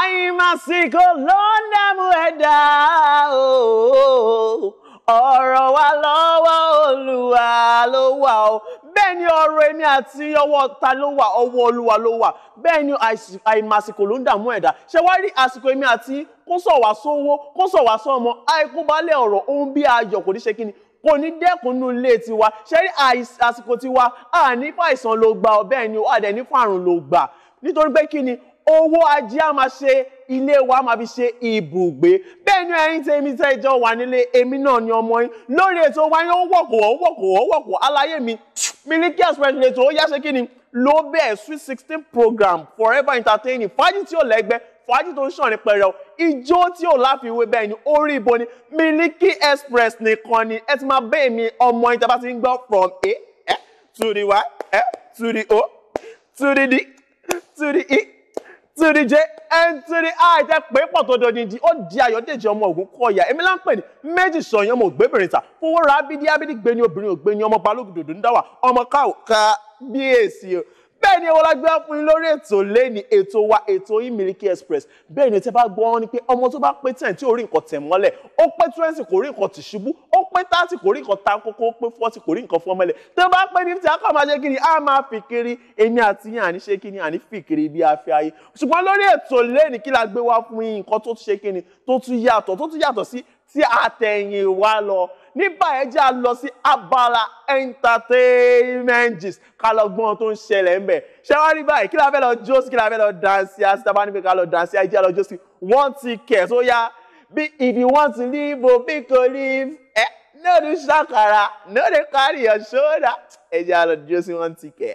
àìmásìkò ló ń dààmú ẹ̀dá ọ̀rọ̀ wa lọ́wọ́ olúwa ló wà o bẹ́ẹ̀ ni ọ̀rọ̀ èmi àti ọwọ́ ta ló wà ọwọ́ olúwa ló wà bẹ́ẹ̀ ni àìmásìkò ló ń dààmú ẹ̀dá ṣé wá rí àsìkò èmi àti kó sọ̀ wá sówó kó sọ̀ wá sọ́mọ àìkú balẹ̀ ọ̀rọ̀ ohun bí ayọ̀ kò ní ṣe kí ni kò ní dẹ́kun nínú ilé tiwa ṣé rí àsìkò tiwa àní fún ló gbà ọ bẹ́ẹ̀ ni ó àdẹ̀ ní fún ló gbà nítorí pé kí ni owó ajé a máa ṣe ilé wa máa fi ṣe ibùgbé bẹ́ẹ̀ ni ẹ̀yin tèmi tẹ́ ìjọ wà nílé èmi náà ni ọmọ yín lórí ètò wáyé ó wọ̀kọ̀ ó wọ̀kọ̀ ó wọ̀kọ̀ aláyé mi Miliki Express ètò ó yá ṣe kí ni ló bẹ́ẹ̀ sweet sixteen program forever entertaining fàájì tí ò lẹ́gbẹ́ fàájì tó ń ṣàn ní pẹrẹu ijó tí ò láfiwé bẹ́ẹ̀ ni orí ibo ni Miliki Express nìkan ni ẹ ti máa bẹ́ẹ̀ mi ọmọ yín tàbá ti ń gbọ́ from a eh, to the y eh, to the o to the d to the e to the j n to the i tẹ pé pọ̀ tó dodinji ó di ayọ̀dèjì ọmọ ògùn kọ̀ọ̀yà èmi là ń pè ní méjì sọ̀yìn ọmọ ògbébìnrin ta fowó ra abídí abídí gbéni obìnrin ògbéni ọmọ balógun dòdò ń dáwà ọmọ káwò ká bíyèsí o bẹ́ẹ̀ ni ọlá gbé fún yín lórí ètò lẹ́ni ètò wa ètò yín Miliki Express bẹ́ẹ̀ ni tẹ́ bá gbọ́ wọn ni pé ọmọ tó bá pé ten tí ò rí nǹkan tẹ̀ mọ́lẹ̀ ó pé twenty kò rí nǹkan tìṣubú ó pé thirty kò rí nǹkan tankoko ó pé forty kò rí nǹkan fọmọlẹ̀ tẹ́ bá pé fifty akọ́ máa ṣe kíni a máa fi kiri èmi àti yín àní ṣe kíni àní fi kiri bí a fi ayé ṣùgbọ́n lórí ètò lẹ́ni kí la gbé wá fún yín nǹkan tó tún ṣe kíni tó tún yàtọ̀ tó tún yàtọ̀ sí tí àtẹ̀yìn wa lọ ní báyìí jẹ́ a lọ sí abala entertainment gist ká lọ gbọ́n tó ń ṣẹlẹ̀ ń bẹ̀ ṣé wá rí báyìí kí la fẹ́ lọ jó kí la fẹ́ lọ dansi asitaba ní pé ká lọ dansi ajé lọ jó sí wọ́n ti kẹ̀ tó yá bí if you want to live o bí kò live ẹ no do ṣàkàrà no dey carry your shoulder ẹ jẹ́ a lọ jó wọ́n ti kẹ̀.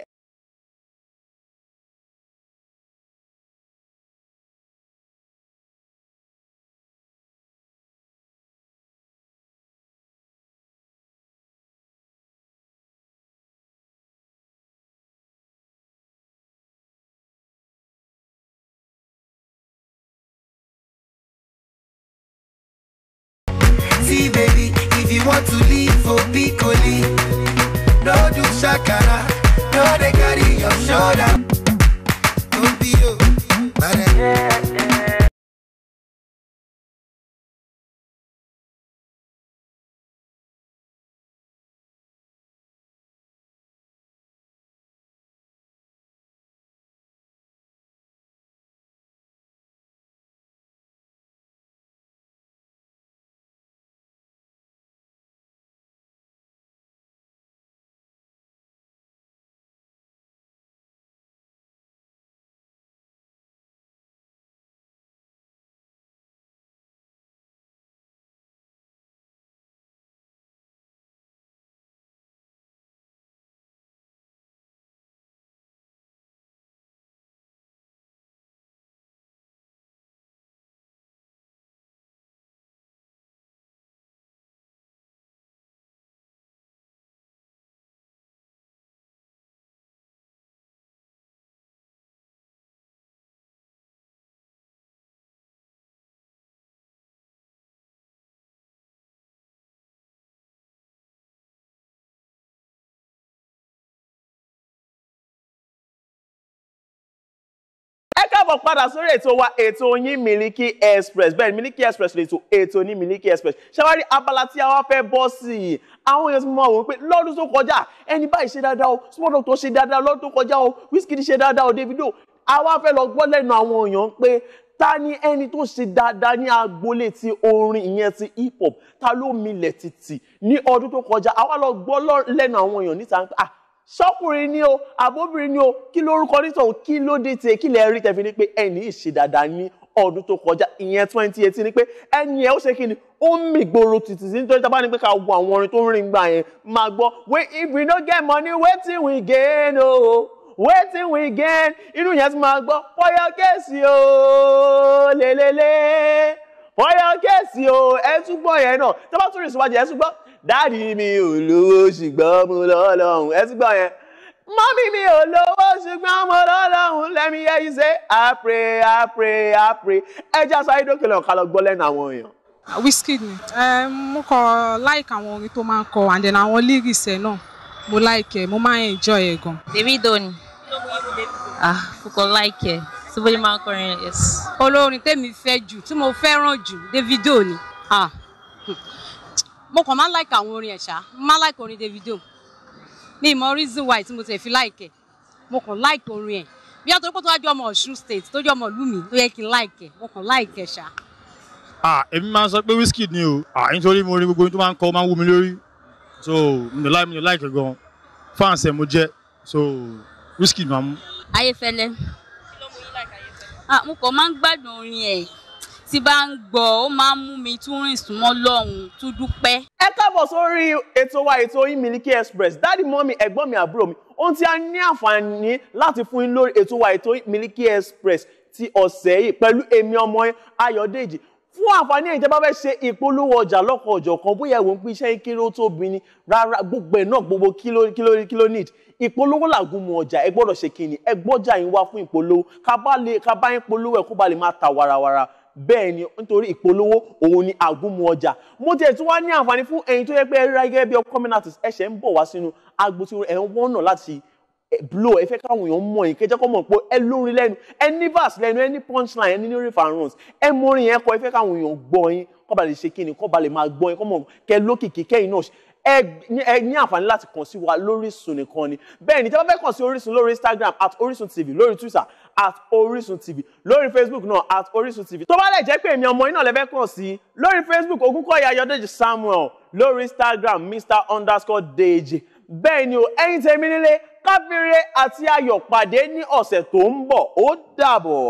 party, baby. If you want to leave for oh, Piccoli, no do shakara, no they carry your shoulder. Don't be you, oh, ẹ káàbọ̀ padà sórí ètò wa ètò yín Miliki Express bẹ́ẹ̀ Miliki Express lè to ètò ní Miliki Express ṣàwárí abala tí a wá fẹ́ bọ́ sí i àwọn èèyàn ti mọ àwọn pé lọ́dún tó kọjá ẹni báyìí ṣe dáadáa o Small Doctor ṣe dáadáa lọ́dún tó kọjá o Wizkid ṣe dáadáa o Davido a wá fẹ́ lọ gbọ́ lẹ́nu àwọn èèyàn pé ta ni ẹni tó ṣe dáadáa ní agboolé ti orin ìyẹn ti hip hop ta ló milẹ̀ títì ní ọdún tó kọjá àwa lọ gbọ́ lẹ́nu àwọn èèyàn níta ah sọkùnrin ni o àbóbìnrin ni o kí lórúkọ nítòun kí ló dé tiẹ̀ kí lẹ rí tẹ̀fi ni pé ẹni ìṣe dáadáa ní ọdún tó kọjá ìyẹn twenty eighteen ni pé ẹni ẹ ó ṣe kí ni ó ń mì gbòòrò títí sí nítorí tábà ní pé ká wo àwọn orin tó ń rìn gbà yẹn máa gbọ́ wey if we no get money wetin we gain o oh. oh wetin we gain inú yẹn ti máa gbọ́ for your case o lélẹ́lẹ́ ọ̀yà kẹ́sì o ẹ tún gbọ́ yẹn náà tó bá tún rìn síwájú ẹ tún gbọ́ dáàdi mi ò lówó ṣùgbọ́n mo lọ́lọ́hùn ẹ tún gbọ́ yẹn mọ́mí mi ò lówó ṣùgbọ́n mo lọ́lọ́hùn lẹ́mi yẹ yìí ṣe I pray I pray I pray ẹ jẹ́ aṣọ ayédókè lọ ká lọ gbọ́ lẹ́nu àwọn èèyàn. Ah, Wizkid ni eh, mo kọ like àwọn orin tó máa ń kọ and then àwọn lyrics ẹ náà mo like ẹ mo máa ń enjoy ẹ gan. Davido ni ah mo kọ like ẹ tí bóyá máa ń kọrin yes. olórin tèmi fẹ́ jù tí mo fẹ́ràn jù Davido ni mo kàn máa ń like àwọn orin ẹ̀ ṣá máa ń like orin Davido mi ìmọ̀ reason why tí mo tẹ̀ fi like ẹ̀ mo kàn like orin ẹ̀ bí àtọ́ pé tó wá jọ ọmọ Ọ̀ṣun state tó jọ ọmọ ìlú mi ló yẹ kí n like ẹ̀ mo kàn like ẹ̀ ṣá. èmi máa ń sọ pé Wizkid ni o nítorí mo rí gbogbo ohun tó máa ń kọ máa ń wú mi lórí so mi ò like mi ò gan fans ẹ̀ mo jẹ́ so Wizkid máa mú. ayéfẹ́lẹ́ Ah, mo kàn máa ń gbádùn orin ẹ̀ tí bá ń gbọ́ ó máa ń mú mi tún rìn súnmọ́ lọ́hùn tún dúpẹ́. ẹ káàbọ̀ sórí ètò wa ètò yín Miliki Express dáàdì mọ́mí ẹ̀gbọ́n mi àbúrò mi ohun tí a ní àǹfààní láti fún yín lórí ètò wa ètò Miliki Express ti ọ̀sẹ̀ yìí pẹ̀lú èmi ọmọ Ayọ̀dèjì fún àǹfààní ẹ̀yin tẹ́ bá fẹ́ ṣe ìpolówó ọjà lọ́kọ̀ ọ̀jọ̀ kan bóyá ẹ̀wọ̀n pín iṣẹ́ kéré tó bí ni rárá gbogbo ẹ̀ náà gbogbo kíló kíló kíló need ìpolówó làgùn mu ọjà ẹ gbọ́dọ̀ ṣe kíni ẹ gbọ́jà yín wá fún ìpolówó ká bá lè ká bá yín polówó ẹ̀ kó ba lè máa ta warawara bẹ́ẹ̀ ni nítorí ìpolówó òun ni àgúnmu ọjà mo tiẹ̀ tún wá ní àǹfààní fún ẹ̀yin tó yẹ pé ẹ rí gẹ́gẹ́ bí ọkọ mi ẹ̀ṣẹ̀ ń bọ̀ wá sínú agbo ẹ̀ ń wọ́nà láti blow ẹ fẹ́ káwọn èèyàn mọ̀ yín kẹjẹ́ kọ́ mọ̀ pé ẹ lórin lẹ́nu ẹ ní verse lẹ́nu ẹ ní punchline ẹ ní reference ẹ mọrin yẹn kọ́ ẹ fẹ́ káwọn èèyàn gbọ́ yín kọ́ ba lè ṣe kí ni kọ́ ba lè máa gbọ́ yín kọ́ mọ̀ kẹ lókìkí kẹ́yìn náà ẹ ní àǹfààní láti kàn sí wa lórí Orísun nìkan ni bẹ́ẹ̀ ni tí wọ́n fẹ́ kàn sí Orísun lórí Instagram at Orísun TV lórí Twitter at Orísun TV lórí Facebook náà at Orísun TV tó bá lè jẹ́ pé èmi ọmọ yín náà lè fẹ́ kàn sí lórí Facebook Ògúnkọ̀yà Ayọ̀dèjì Samuel lórí Instagram Mr underscore Deji bẹ́ẹ̀ ni o ẹ̀yin tèmi nílé káfíńrẹ́ àti ayọ̀ pàdé ní ọ̀sẹ̀ tó ń bọ̀ ó dàbọ̀.